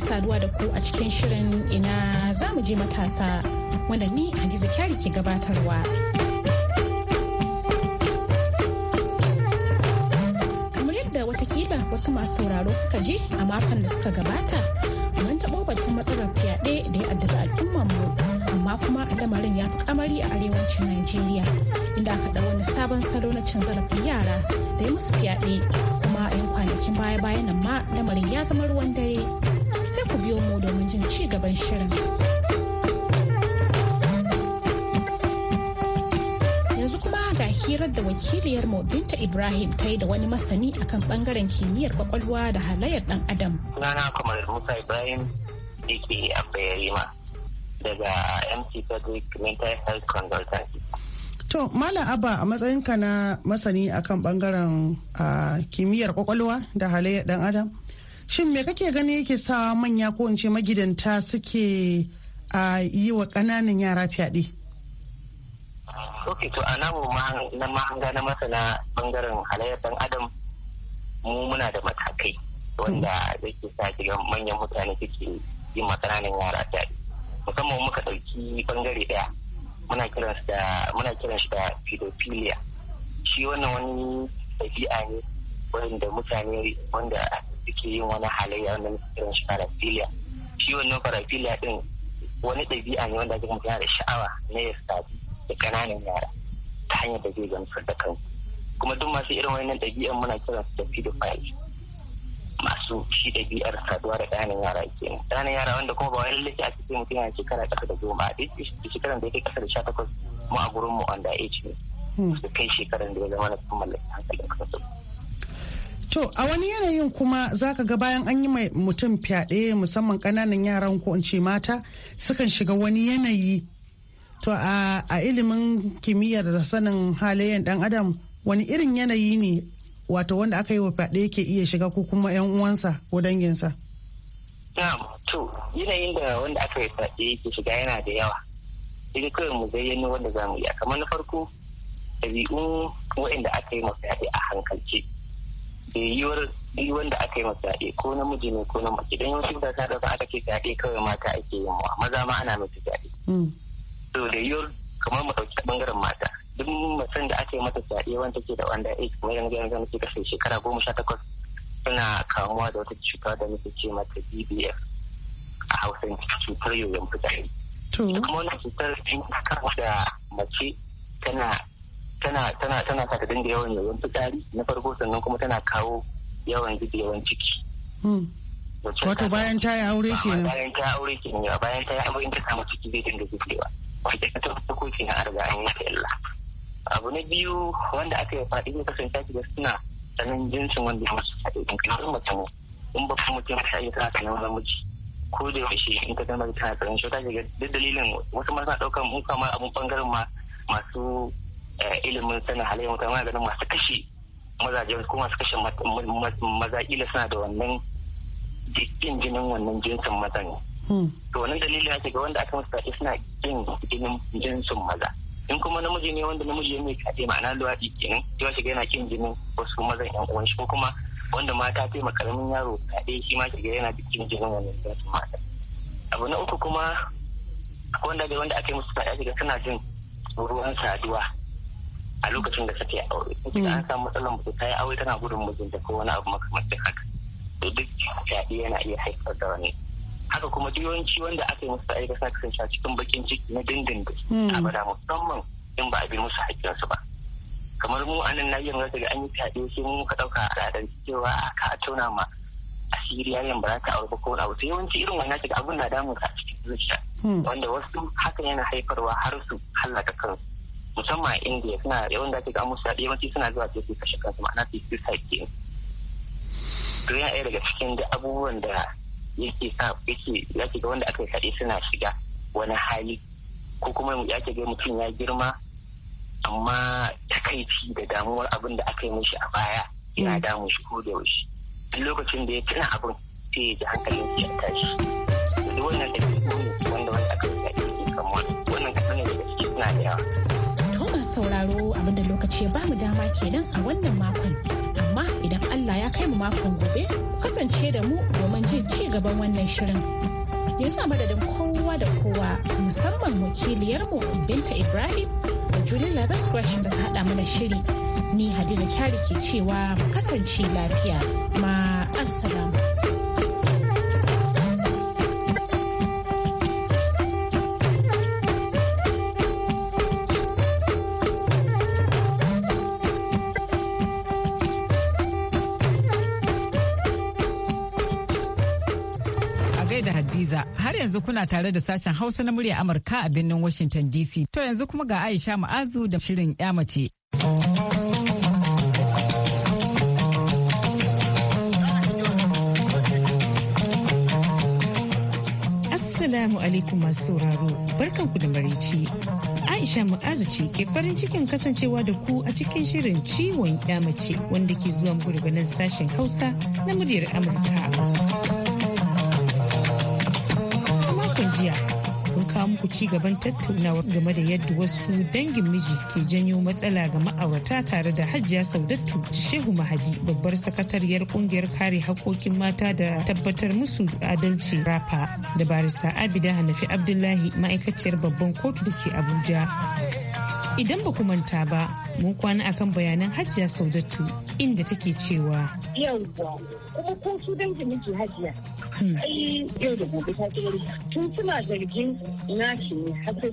sake saduwa da ku a cikin shirin ina za mu je matasa wanda ni Hadiza Kyari ke gabatarwa. Kamar yadda watakila wasu masu sauraro suka je a makon da suka gabata, mun taɓo batun matsalar fyaɗe da ya addaba al'ummar mu amma kuma lamarin ya fi kamari a arewacin Najeriya inda aka ɗau wani sabon salo na cin zarafin yara da ya musu fyaɗe kuma a yan kwanakin baya-bayan nan ma lamarin ya zama ruwan dare. biyo mu domin jin ci gaban shirin. Yanzu kuma ga hirar da wakiliyar mu Binta Ibrahim ta yi da wani masani akan bangaren kimiyyar kwakwalwa da halayyar dan Adam. Sunana kuma Musa Ibrahim Diki Abayarima daga MC Public Mental Health Consultancy. To, Malam Abba a matsayinka na masani akan bangaren ah, kimiyyar kwakwalwa da halayyar dan Adam, shin me kake gani yake sa manya ko in magidanta suke a yi wa ƙananan yara fyaɗe ok to a namu na mahanga na masana bangaren halayyar dan adam mu muna da matakai wanda yake sa shiga manyan mutane suke yi ma ƙananan yara fyaɗe musamman muka ɗauki bangare ɗaya muna kiran shi da muna kiran shi da pedophilia shi wannan wani ɗabi'a ne wanda mutane wanda suke yin wani halayya wanda irin shi parafilia shi wannan parafilia din wani ɗabi'a ne wanda ake mutu da sha'awa na ya sadu da ƙananan yara ta hanyar da zai gamsar da kanku kuma duk masu irin nan ɗabi'an muna kiran su da pedophile masu shi ɗabi'ar saduwa da ƙananan yara ke ƙananan yara wanda kuma ba wani lalace a cikin mutum yana shekara ƙasa da goma a da shekaran da ya kai ƙasa da sha takwas mu a gurin mu on da age ne hmm. su kai shekaran da ya zama na kuma mallakin hankalin kansu To a wani yanayin kuma za ka ga bayan an yi mutum fyaɗe musamman ƙananan yaran ko in ce mata sukan shiga wani yanayi. To a ilimin kimiyyar da sanin halayen ɗan adam wani irin yanayi ne wato wanda aka yi wa fyaɗe yake iya shiga ko kuma 'yan uwansa ko danginsa. Na'am, to yanayin da wanda aka yi fyaɗe yake shiga yana da yawa. Sai kawai mu zayyano wanda za mu iya kamar na farko ɗabi'un waɗanda aka yi ma fyaɗe a hankalce. yiwuwar duk wanda aka yi masa zaɓe ko namiji ne ko na mace don yawanci da ta ɗauka aka ce zaɓe kawai mata ake yin wa maza ma ana musu zaɓe. to mm. da yiwuwar kamar mu ɗauki ɓangaren mata duk mutum da aka yi mata zaɓe wanda ke da wanda age kuma yanzu yanzu muke kashe shekara goma sha takwas suna kamuwa da wata cuta da muke ce mata BBF a Hausa cutar yoyon fitsari. Kuma wannan cutar in da mace tana tana tana tana sa ta dinga yawan yawan fitsari na farko sannan kuma tana kawo yawan jiki yawan ciki hmm. wato bayan ta yi aure ke nan. bayan ta yi aure ke yawa bayan ta yi aure in ta samu ciki zai dinga zubewa wanda ta farko kenan an riga an yi ta illa abu na biyu wanda aka yi faɗi ne kasance shiga suna sanin jinsin wanda ya masu faɗi in kamar mutum in ba kuma mutum ta yi tana sanin wani muci. ko da yaushe in ka zama tana sanin shi ta shiga duk dalilin wasu masu suna ɗaukar mu kama abun ɓangaren ma masu Eh, ilimin sana halayen mutane muna ganin masu kashe mazajen ko masu kashe maza ila suna da wannan jikin jinin wannan jinsin maza ne. Hmm. To wannan dalilin ya ga wanda aka masu kashe suna jin jinin jinsin maza. In kuma namiji ne wanda namiji ya mai kaɗe ma'ana luwaɗi kenan ya shiga yana kin jinin wasu mazan yan uwan shi ko kuma wanda mata ta taimaka karamin yaro kaɗe shi ma shiga yana jikin jinin wannan jinsin mata. Abu na uku kuma wanda ga wanda aka yi musu kaɗe suna jin ruwan saduwa a lokacin da suke aure idan hmm. an samu matsalar masu ta aure tana gudun mijinta ko wani abu makamancin haka to duk fyaɗe yana iya haifar da wani haka kuma duk yawanci wanda aka yi musu aika sa kasance cikin bakin ciki na dindindin hmm. abada musamman in ba a bi musu haƙƙinsu ba kamar mu a nan nahiyar yanzu ga an yi fyaɗe sai mu ka ɗauka a al'adar cewa ka a tona ma asiri yin ba za ta aure ba ko abu sai yawanci irin wannan shiga abun na damun ka a cikin zuciya hmm. wanda wasu hakan yana haifarwa har su hallaka kansu musamman a indiya suna yawan da ake ga musu yawanci suna zuwa teku kashe kansu ma'ana su suicide ke to yana ɗaya daga cikin duk abubuwan da yake sa yake yake ga wanda aka yi kaɗe suna shiga wani hali ko kuma yake ga mutum ya girma amma takaici da damuwar abin da aka yi mishi a baya yana hmm. damu shi ko da yaushe duk lokacin da ya tuna abin sai ya ji hankalin ya tashi. sauraro abinda lokaci ya bamu dama kenan a wannan makon. Amma idan Allah ya kai mu makon gobe, kasance da mu domin jin ci gaban wannan shirin. Yanzu a madadin kowa da kowa musamman wakiliyarmu Binta Ibrahim da Julie Lathers Gresham da hada mana shiri. Ni Hadiza Kyari ke cewa kasance lafiya. Ma assalamu. da Hadiza har yanzu kuna tare da sashen Hausa na murya Amurka a birnin Washington DC. To yanzu kuma ga Aisha Ma'azu da shirin ya mace. Assalamu alaikum masu sauraro, barkanku da marici. Aisha Mu'azu ce ke farin cikin kasancewa da ku a cikin shirin ciwon mace wanda ke zuwa muku sashen Hausa na muryar Amurka. makon jiya mun kawo muku ci gaban tattaunawa game da yadda wasu dangin miji ke janyo matsala ga ma'aurata tare da hajjiya saudattu shehu mahadi babbar sakatariyar kungiyar kare haƙoƙin mata da tabbatar musu adalci rafa da barista abida hanafi abdullahi ma'aikaciyar babban kotu da ke abuja idan ba ku manta ba mun kwana akan bayanan hajjiya saudattu inda take cewa yauwa kuma ko su dangin miji hajjiya Hmm. ai yau da gobe ta ce tun suna zargin ne har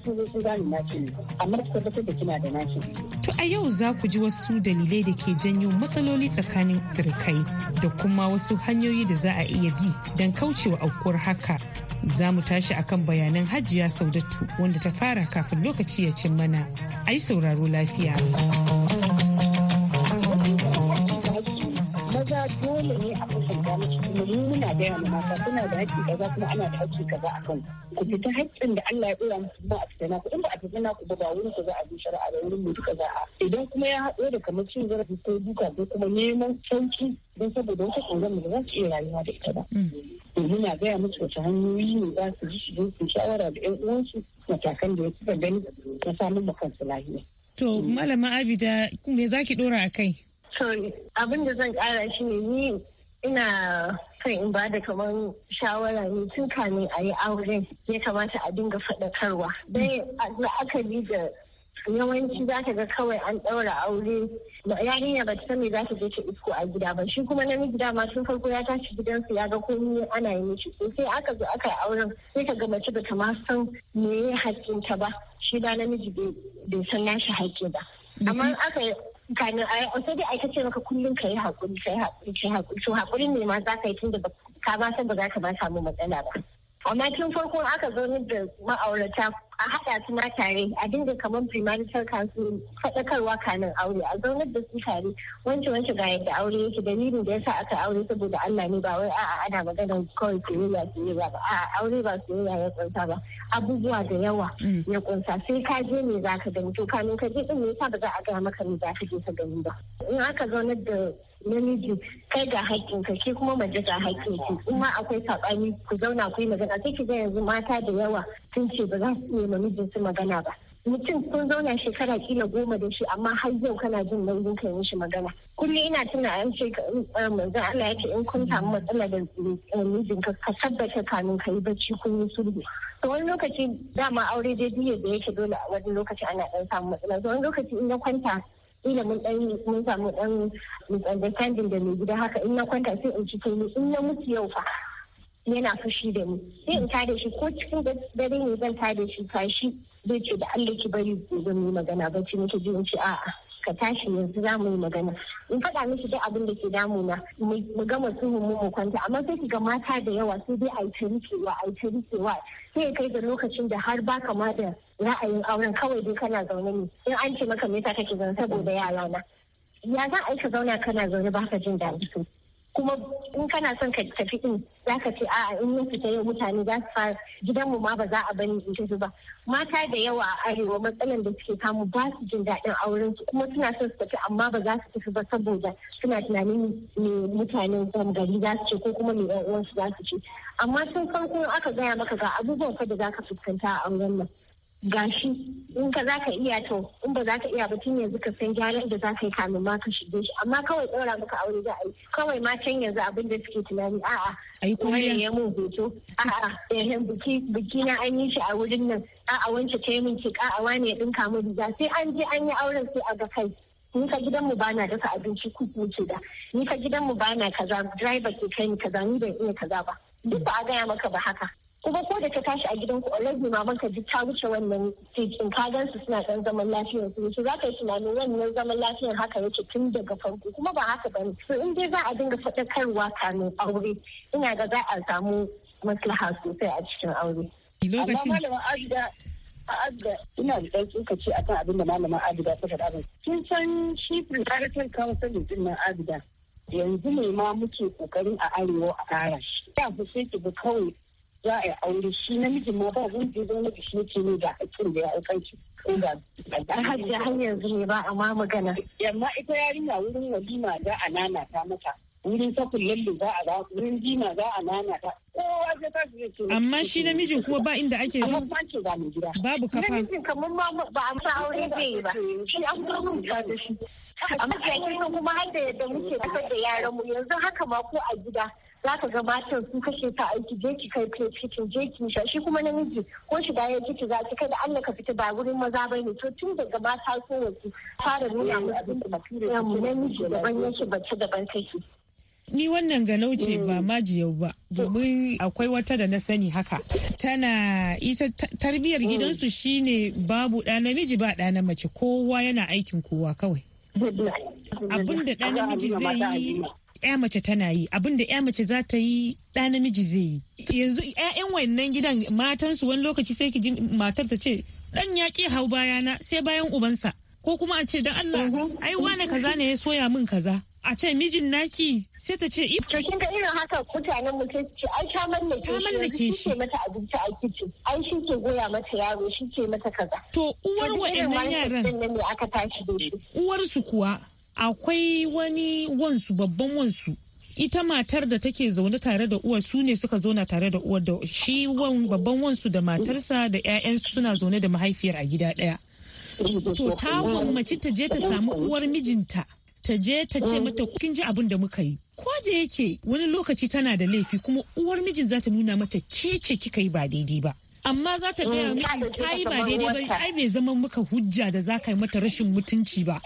sun zo sun gane ne amma tabbatar da kina da ne. To a yau za ku ji wasu dalilai da ke janyo matsaloli tsakanin tsirkai da kuma wasu hanyoyi da za a iya bi don kaucewa aukuwar haka. Za mu tashi akan bayanan hajiya Saudatu wanda ta fara kafin lokaci ya cin mana. Ai sauraro lafiya. gaya ma mata suna da haƙƙi kaza kuma ana da haƙƙi kaza a kan ku fita haƙƙin da Allah ya ɗora musu ba a fita na ku in ba a fita na ku ba wurin ku za a bi shari'a da wurin mutu kaza a idan kuma ya haɗo da kamar cin zarafi ko duka ko kuma neman sauki don saboda wata tsoron da za su iya rayuwa da ita ba. Muna gaya musu wace hanyoyi ne za su ji su don su shawara da 'yan uwansu matakan da ya suka gani na samun kansu lahiya. To malama Abida me zaki dora a kai? abin da zan kara shi ne ni ina kan in bada da kamar shawara ne tun kamin a yi auren ya kamata a dinga faɗakarwa. Dai la'akari da yawanci za ka ga kawai an ɗaura aure yarinya ba ta san za ta je ta isko a gida ba shi kuma namiji ma tun farko ya tashi gidansu ya ga komai ana yi mishi sai aka zo aka yi auren sai ka ga mace ba ta ma san me ya ta ba shi da namiji bai san nashi haƙƙi ba amma aka kamin a sai dai aika ce maka kullum ka yi haƙuri ka yi haƙuri ka yi haƙuri to haƙurin ne ma za ka yi tunda ka ba san ba za ka ba samu matsala ba amma tun farko aka zo da ma'aurata a haɗa su ma tare a dinga kamar primarital kansu faɗakarwa kanin aure a zaunar da su tare wance wance ga yadda aure yake dalilin da yasa aka aure saboda Allah ne ba wai a'a ana magana kawai soyayya soyayya ba a'a aure ba soyayya ya kunsa ba abubuwa da yawa mm. ya kunsa sai ka je ne ka gani to kanin ka je din ne yasa ba za a ga maka ne za ka je ka gani ba in aka zaunar da namiji kai ga ka ke kuma mace ga haƙƙinki in ma akwai saɓani ku zauna ku yi magana sai ki ga yanzu mata da yawa sun ce ba za su iya ma su magana ba mutum kun zauna shekara kila goma da shi amma har yau kana jin nauyin kai shi magana kullum ina tuna an ce eh, manzo Allah ya ce in kun samu matsala da eh, mijinka ka tabbata kamin kai bacci kun yi sulhu to wani lokaci dama aure dai biye da yake dole a wani lokaci ana dan samu matsala to wani lokaci in na kwanta ina mun dan mun samu dan misunderstanding da mai gida haka in na kwanta sai in ci in na mutu yau fa yana fushi da ni sai in tada shi ko cikin dare ne zan tada shi kashi zai ce da Allah ki bari zan mu magana ba ce nake ji in a'a ka tashi yanzu za mu yi magana in faɗa miki duk abin da ke damu na mu gama suhu mu mu kwanta amma sai ki ga mata da yawa sai dai ai yi ta rikewa a kai da lokacin da har baka ma da ra'ayin auren kawai dai kana zaune ne in an ce maka me yasa kake zaune saboda yara na ya za a yi ka zauna kana zaune ba ka jin daɗi kuma in kana son ka tafi in za ka ce a'a in na fita yau mutane za su fara mu ma ba za a bani in tafi ba mata da yawa a arewa matsalan da suke kamu ba su jin daɗin auren su kuma suna son su tafi amma ba za su tafi ba saboda suna tunanin me mutanen gari za su ce ko kuma me yan uwansu za su ce amma tun farko aka gaya maka ga abubuwan fa da za ka fuskanta a auren nan gashi in ka za ka iya to in ba za ka iya ba tun yanzu ka san gyaran da za ka yi kamin ma ka shige shi amma kawai ɗora maka aure za a yi kawai ma can yanzu abin da suke tunani a'a ai kuma ya mun hoto a'a eh biki biki na an yi shi a wurin nan a'a wance ta yi min ki a wani ya dinka mu riga sai an je an yi auren sai a ga kai ni ka gidan mu bana dafa abinci ku ce da ni ka gidan mu bana kaza driver ke kai ni kaza ni ban iya kaza ba duk ba a gaya maka ba haka kuma ko da ta tashi a gidan gidanku already maman ka duk ta wuce wannan cikin ka gan su suna ɗan zaman lafiyar su su za ka yi tunanin wannan zaman lafiyar haka yake tun daga farko kuma ba haka ne so in dai za a dinga faɗakarwa kamin aure ina ga za a samu maslaha sosai a cikin aure. Lokacin. ina da ɗan tsokaci a kan abin da malamin Adida ta faɗa Kin san shi ɗin nan Adida yanzu ne ma muke kokarin a arewa a ƙara shi. Ya fi sai ki kawai za a yi aure shi namijin ma ba zan ya zama shi yake ne da aikin da ya aikan shi ko da a hajji har yanzu ne ba a ma magana yamma ita yarinya wurin walima za a nanata mata wurin sakun lalle za a ba wurin jima za a nanata kowa zai ta zai ce amma shi namijin kuwa ba inda ake zuwa babu kafa namijin kamar ma ba a sa aure zai yi ba shi an gwamnati da shi amma kuma har da yadda muke kusa da yaran mu yanzu haka ma ko a gida za ka ga matan su kashe ta aiki je ki kai kai kitchen je ki nisha shi kuma namiji ko shiga ya kici za ki kai da Allah ka fita ba wurin maza ba ne to tun daga mata ko wasu fara nuna mu abin da namiji daban yake bace daban take Ni wannan ganau ce mm. ba majiyau ba, domin akwai wata da na sani haka. Tana ita tarbiyyar mm. gidansu shine babu ɗa namiji ba ɗa na mace kowa yana aikin kowa kawai. Abin da ɗa namiji zai yi 'ya mace tana yi abin da 'ya mace za ta yi ɗa namiji zai yi yanzu 'ya'yan wannan gidan matansu wani lokaci sai ki ji matar ta ce dan ya ki hau bayana sai bayan ubansa ko kuma a ce dan Allah mhm. ai wane kaza ne ya soya min kaza a ce mijin naki sai ta ce to kin ga irin haka mutanen mu sai ce ai ta mallake ta mallake shi ce mata abinci a kicin. ai shi ke goya mata yaro shi ke mata kaza to uwar wa'annan yaran ne aka tashi da shi uwar su kuwa akwai wani wansu babban wansu ita matar da take zaune tare da uwar su ne suka zauna tare da uwar da shi wan babban wansu da matarsa da 'ya'yansu suna zaune da mahaifiyar a gida daya. To ta gwammaci ta je ta samu uwar mijinta ta je ta ce mata kin ji abin da muka yi. Ko da yake wani lokaci tana da laifi kuma uwar mijin za ta nuna mata ke ce kika yi ba daidai ba. Amma za ta gaya miki ta yi ba daidai ba ai bai zama muka hujja da za ka yi mata rashin mutunci ba.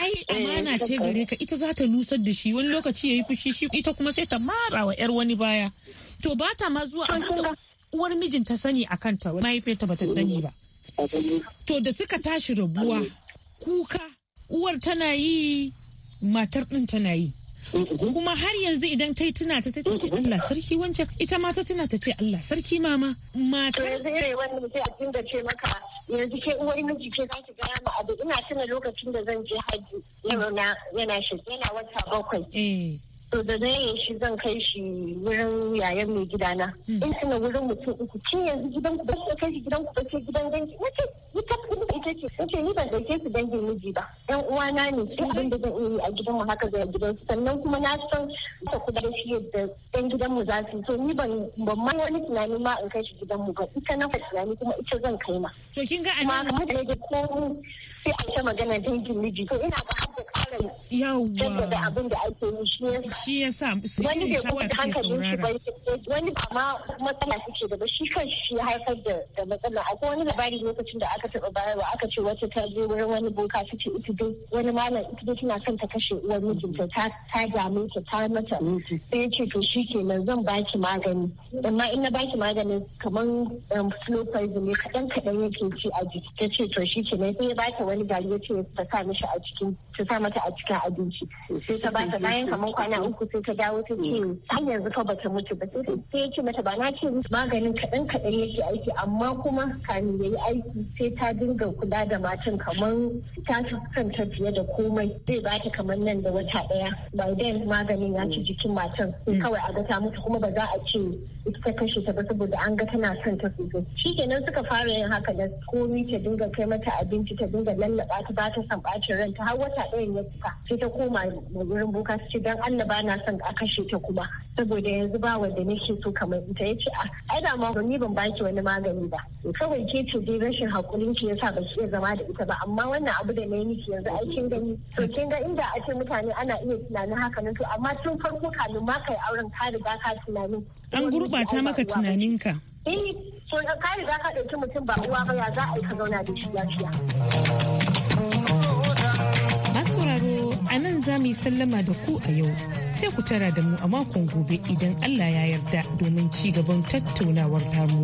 ai eh, amana ce gare ka ita za ta nusar da shi wani lokaci yayi fushi shi ita kuma sai ta mara wa yar wani baya to ba ta ma zuwa uwar mijin ta sani a kanta mahaifiyarta ba ta sani ba to da suka tashi rabuwa kuka uwar tana yi matar ɗin tana yi kuma har yanzu idan ta yi tuna ta ce Allah sarki wance ita ma ta tuna ta ce Allah sarki mama mata yanzu irin wannan mutum a dinga ce maka yanzu ke uwar miji ke za ki ga abu ina tuna lokacin da zan je hajji yana yana wata bakwai eh. so da zan yi shi zan kai shi wurin yayan mai gidana hmm. in suna wurin mutum uku cin yanzu gidan ku ba kai shi gidan ku ba sai gidan dangi na ce ita ita ce in ce ni ban dauke su dangin miji ba yan uwana ne duk abin da zan yi a gidan mu haka zai gidan su sannan kuma na san ta kuɗa da shi yadda yan gidan mu za su so ni ban ban ma wani tunani ma in kai shi gidan mu ba ita na fa tunani kuma ita zan kai ma to kin ga anan mutane da ko sai a ta magana dangin miji to ina ga karin da abin da ake yi shi ya sa wani bai haka hankalin shi ba wani ba ma matsala suke da ba shi kan shi ya haifar da matsala akwai wani labari lokacin da aka taba bayarwa aka ce wata ta zo wurin wani boka su ce ita dai wani malam ita dai tana son ta kashe uwar mijinta ta ta damu ta ta mata sai ya ce to shi kenan zan baki magani amma in na baki maganin kamar slow um, poison ne kadan kadan yake ci a jiki ta ce to shi kenan sai ya baki wani gari ya ce ta sa mishi a cikin ta sa mata a cikin abinci sai ta bata bayan kamar kwana uku sai ta dawo ta ce mm. har yanzu fa bata mutu ba sai ya ce mata ba na ce maganin kaɗan kaɗan yake aiki amma kuma kamin ya yi aiki sai ta dinga kula da matan kamar ta kanta fiye da komai zai bata kamar nan da wata ɗaya by then maganin ya ci mm. jikin matan mm. kawai a ga ta mutu kuma ba za a ce ita ta kashe ta ba saboda an ga tana son ta sosai kenan suka fara yin haka da komai ta dinga kai mata abinci ta dinga lallaba ta ba ta san bacin ranta har wata ɗayan ya cika sai ta koma wurin boka ta ce dan Allah ba na son a kashe ta kuma saboda yanzu ba wanda nake so kamar ita ya ce ah, ai da ma ni ban baki wani magani ba kawai ke ce dai rashin hakurin ki yasa ba ki iya zama da ita ba amma wannan abu da na yi miki yanzu ai kin gani to kin ga inda a ce mutane ana iya tunanin haka nan to amma tun farko kafin ma kai auren ka riga ka tunanin an gurbata maka tunaninka eh so ka riga ka ɗauki mutum ba uwa ba ya za a yi ka zauna da shi lafiya sauraro a nan za mu yi sallama da ku a yau sai ku tara da mu a makon gobe idan Allah ya yarda domin ci gaban tattaunawar tamu.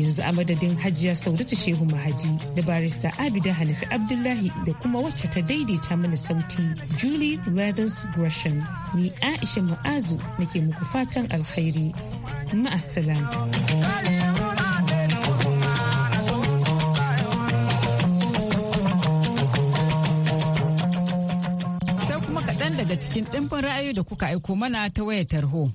Yanzu a madadin Hajiya Saudatu Shehu Mahaji da barista Abida Hanifi Abdullahi da kuma wacce ta daidaita mana sauti Julie Leathers Gresham ni Aisha Mu'azu nake muku fatan alkhairi. Ma'assalam. Da cikin ɗimbin ra'ayoyi da kuka aiko mana ta wayar tarho.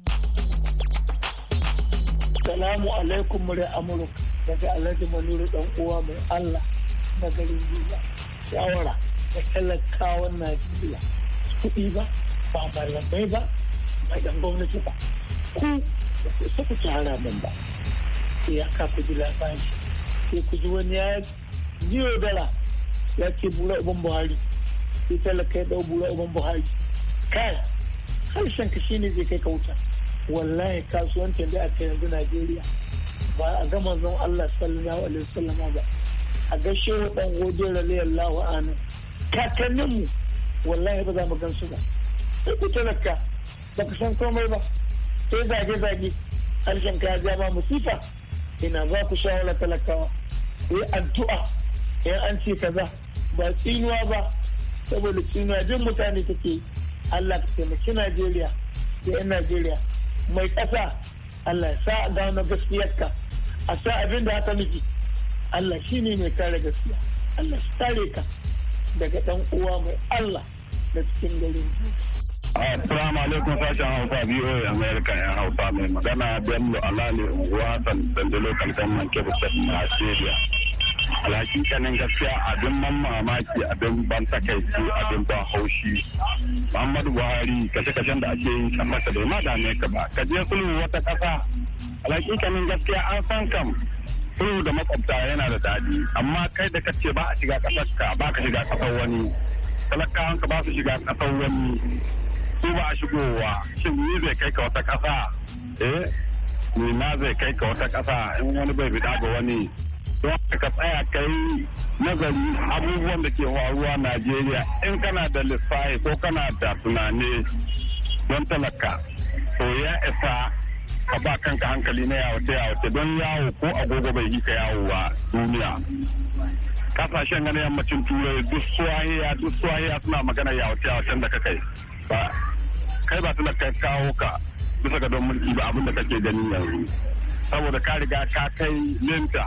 Salamu alaikum murya Amurka daga Alhaji Manuru dan uwa mai Allah na garin Jiya. Shawara da talakawan Najeriya kuɗi ba, ba malamai ba, ba ɗan gwamnati ba. Ku da ku suka ci min ba. Ya ka ku ji labari. Sai ku ji wani ya yi dala ya ce bura uban Buhari. Sai talaka ya ɗau bura uban Buhari. kai harshen ka shine zai kai ka wuta wallahi kasuwancin da aka yanzu Najeriya ba a ga manzon Allah sallallahu alaihi wasallam ba a ga shehu dan goje radiyallahu anhu kakannin mu wallahi ba za mu gansu ba sai ku talaka ba ka san komai ba sai zage zage harshen ka ya ba musifa ina za ku shawara talakawa ku yi addu'a in an ce kaza ba tsinuwa ba saboda tsinuwa jin mutane take yi Allah ka taimaki Najeriya da 'yan Najeriya mai ƙasa Allah ya sa gano gaskiyarka a sa abin da haka miki Allah shi ne mai kare gaskiya Allah shi kare ka daga ɗan uwa mai Allah da cikin garin Assalamu alaikum sashen Hausa ya Amerika ya Hausa mai magana Bello Alali Unguwa Dandalo Kalkan Manke Bukar Najeriya. alhakikanin gaskiya abin ban mamaki abin ban takaici abin ban haushi muhammadu buhari kashe-kashen da ake yin kan masa bai ma ne ka ba ka je sulhu wata kasa alhakikanin gaskiya an san kam sulhu da makwabta yana da daɗi amma kai da kace ba a shiga ƙasar ka ba ka shiga ƙasar wani talakawan ka ba su shiga ƙasar wani su ba a shigowa shin ni zai kai ka wata ƙasa eh ni ma zai kai ka wata ƙasa in wani bai fita ga wani wanda ka tsaya ka yi nazari abubuwan da ke faruwa Najeriya in kana da lissafi ko kana da tunani don talaka to ya isa ka ba kanka hankali na yawace yawace don yawo ko agogo bai yi ka yawo ba duniya kasashen ganin yammacin turai duk suwahiya duk suwahiya suna magana yawace yawacen da ka kai ba kai ba kai kawo ka bisa ga don mulki ba abin da kake gani yanzu saboda ka riga ka kai linta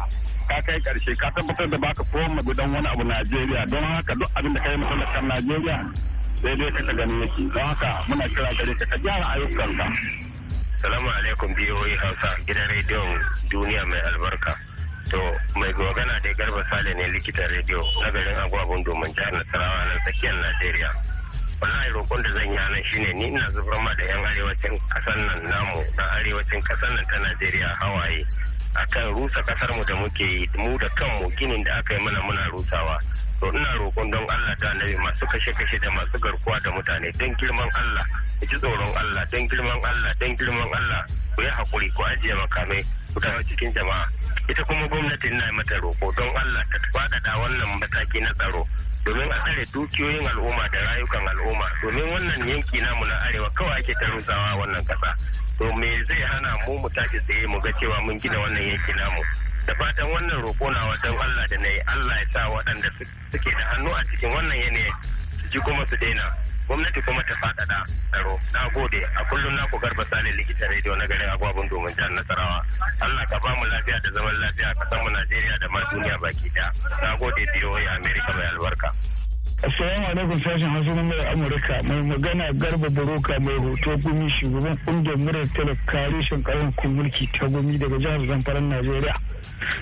ka kai karshe ka tabbatar da baka koma gudan wani abu Najeriya don haka duk abin da kai masallakan Najeriya daidai ka gani yake don haka muna kira gare ka ka gyara ayyukanka salamu alaikum biyoyi hausa gidan rediyon duniya mai albarka to mai magana da garba sale ne likitan rediyo na garin agwagun domin jihar nasarawa na tsakiyar najeriya wallahi roƙon da zan yi nan shine ni ina zubar ma da yan arewacin ƙasar nan namu na arewacin ƙasar nan ta najeriya hawaye a kan rusa kasar mu da muke yi mu da kanmu ginin da aka yi mana muna rusawa to ina roƙon don Allah ta annabi masu kashe-kashe da masu garkuwa da mutane don girman Allah ku ji tsoron Allah don girman Allah don girman Allah ku yi hakuri ku ajiye makamai ku dawo cikin jama'a ita kuma gwamnati na mata roƙo don Allah ta faɗaɗa wannan mataki na tsaro domin a tsare dukiyoyin al'umma da rayukan al'umma domin wannan yanki namu na arewa kawai ake ta rusawa wannan kasa to me zai hana mu mu tashi tsaye mu ga cewa mun gina wannan yanki namu da fatan wannan roƙo na wajen Allah da nayi Allah ya sa waɗanda suke da hannu a cikin wannan yanayin ji kuma su daina gwamnati kuma ta fadada tsaro na gode a kullum na ku garba sani likita rediyo na garin agwabin domin jihar nasarawa allah ka ba mu lafiya da zaman lafiya ka san mu najeriya da ma duniya baki ɗaya na gode biyo ya amerika mai albarka Assalamu alaikum sashen Hausa na Amurka mai magana Garba Baroka mai hoto gumi shugaban kungiyar murar talaka reshen karin mulki ta gumi daga jihar Zamfara Najeriya.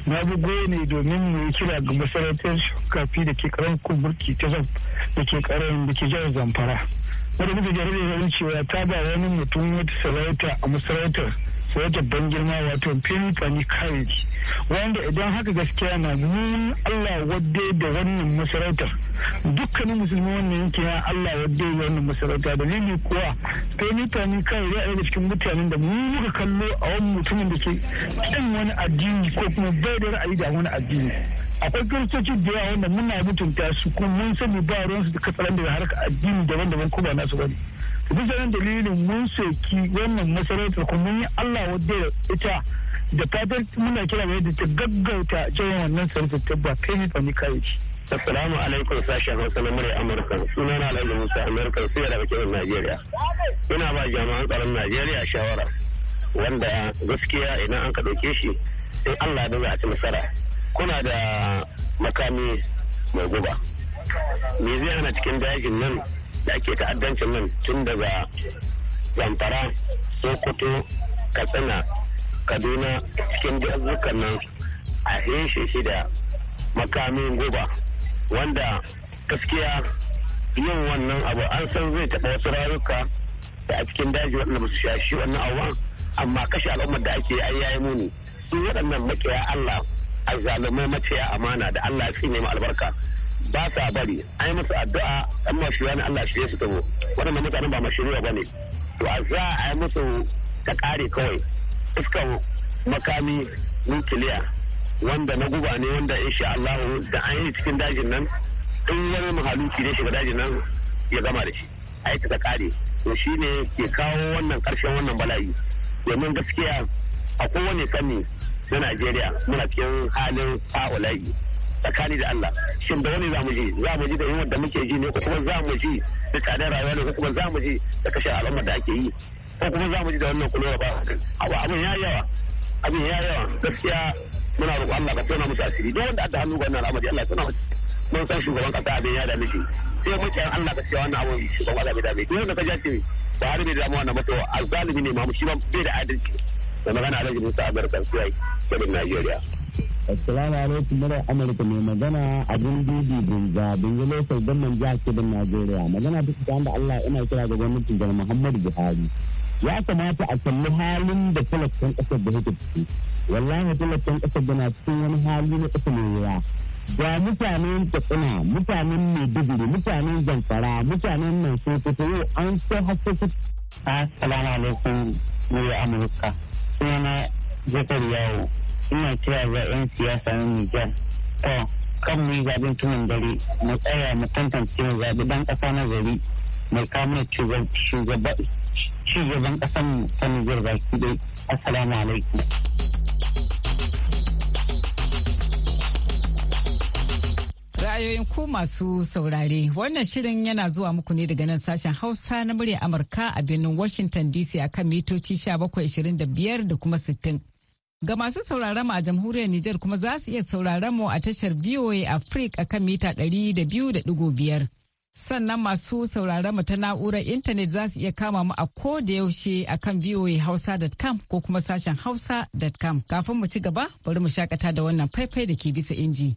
na bugo ne domin mu yi kira ga masarautar kafi da ke karan kuburki ta zan da ke karan da ke jihar zamfara wadda muka jarar yawan cewa ta ba wani mutum wata sarauta a masarautar sarauta ban girma wato fani kare wanda idan haka gaskiya na nun allah wadda da wannan masarautar dukkanin musulmi wannan yanki na allah wadda da wannan masarauta dalili kuwa fani kare ya daga cikin mutanen da mu muka kallo a wani mutumin da ke kin wani addini ko ko kuma bai da ra'ayi da wani addini akwai kiristoci da yawa wanda muna mutunta su kuma mun sani ba su da katsalan da har addini daban-daban ko ba su bane duk bisa nan dalilin mun soki wannan masarautar kuma mun yi Allah wadda ita da fatan muna kira mai da ta gaggauta cewa wannan sarautar ta ba kai ne fa kai kai Assalamu alaikum sashen Hausa na murya Amurka. Sunana Alhaji Musa Amurka, suya da bakin Najeriya. Ina ba jami'an tsaron Najeriya shawara. wanda gaskiya idan an ka ɗauke shi sai Allah da za a ci nasara kuna da makami mai guba me zai hana cikin dajin nan da ake ta'addancin nan tun daga zamfara sokoto katsina kaduna cikin dazukan nan a heshe shi da makami guba wanda gaskiya yin wannan abu an san zai taɓa wasu rayuka da a cikin daji waɗanda ba su shashi wannan abuwan amma kashe al'ummar da ake ai yayi muni su waɗannan makiya Allah azzalumai maciya amana da Allah ya tsine mu albarka ba sa bari ai musu addu'a amma shi ne Allah shi su tabo waɗannan mutanen ba mashiriya bane to a za a yi musu ta kare kawai iskan makami nukiliya wanda na guba ne wanda insha Allah da an yi cikin dajin nan in wani mahaluki ne shiga dajin nan ya gama da shi aiki ta kare to shine ke kawo wannan karshen wannan bala'i domin gaskiya a kowane fanni na najeriya muna cikin halin fa'ula'i tsakani da Allah shin da wani zamuji ji za mu ji da yawan da muke ji ne ko kuma za mu ji da tsadar rayuwa ne ko kuma za mu ji da kashe al'ummar da ake yi ko kuma za mu ji da wannan kulura ba abu abin ya yawa abin ya yawa gaskiya muna roƙo Allah ka tona musu asiri duk wanda aka hannu ga wannan al'amari Allah ya tona musu mun san shugaban kasa abin ya dame shi sai muke an Allah gaskiya wannan abin shugaban da bai dame duk wanda ka ja ce ba har bai mu wannan mutuwa azzalimi ne ma mu shi ba bai da adalci da magana Alhaji Musa Abubakar Kuwai da Najeriya Assalamu alaikum murar Amurka mai magana abin dubi bunza bunza lokal gwamnan jihar Kebbi Najeriya magana ta cikin da Allah ina kira ga gwamnati da Muhammadu Buhari. Ya kamata a kalli halin da talakan ƙasar da take ciki. Wallahi talakan ƙasar da na cikin wani hali na ƙasa mai wuya. da mutanen katsina mutanen maiduguri mutanen zamfara mutanen nan sokoto yau an so hasso su assalamu alaikum murya amurka suna jakar yawo ina cewa ga 'yan siyasa na nijar to kan mu yi zaɓen tunan dare mu tsaya mu tantance mu zaɓi ɗan ƙasa na gari mai kamar shugaban ƙasan ta nijar baki dai assalamu alaikum ra'ayoyin ku masu saurare wannan shirin yana zuwa muku ne daga nan sashen hausa na murya amurka a birnin washington dc akan mitoci 1725 da kuma 60 Ga masu sauraron mu a jamhuriyar Nijar kuma za su iya sauraron mu a tashar VOA Africa kan mita ɗari da da biyu biyar Sannan masu sauraron mu ta na'urar intanet za su iya kama mu a ko da yaushe a kan voahausa.com ko kuma sashen hausa.com. Kafin mu ci gaba, bari mu shakata da wannan faifai da ke bisa inji.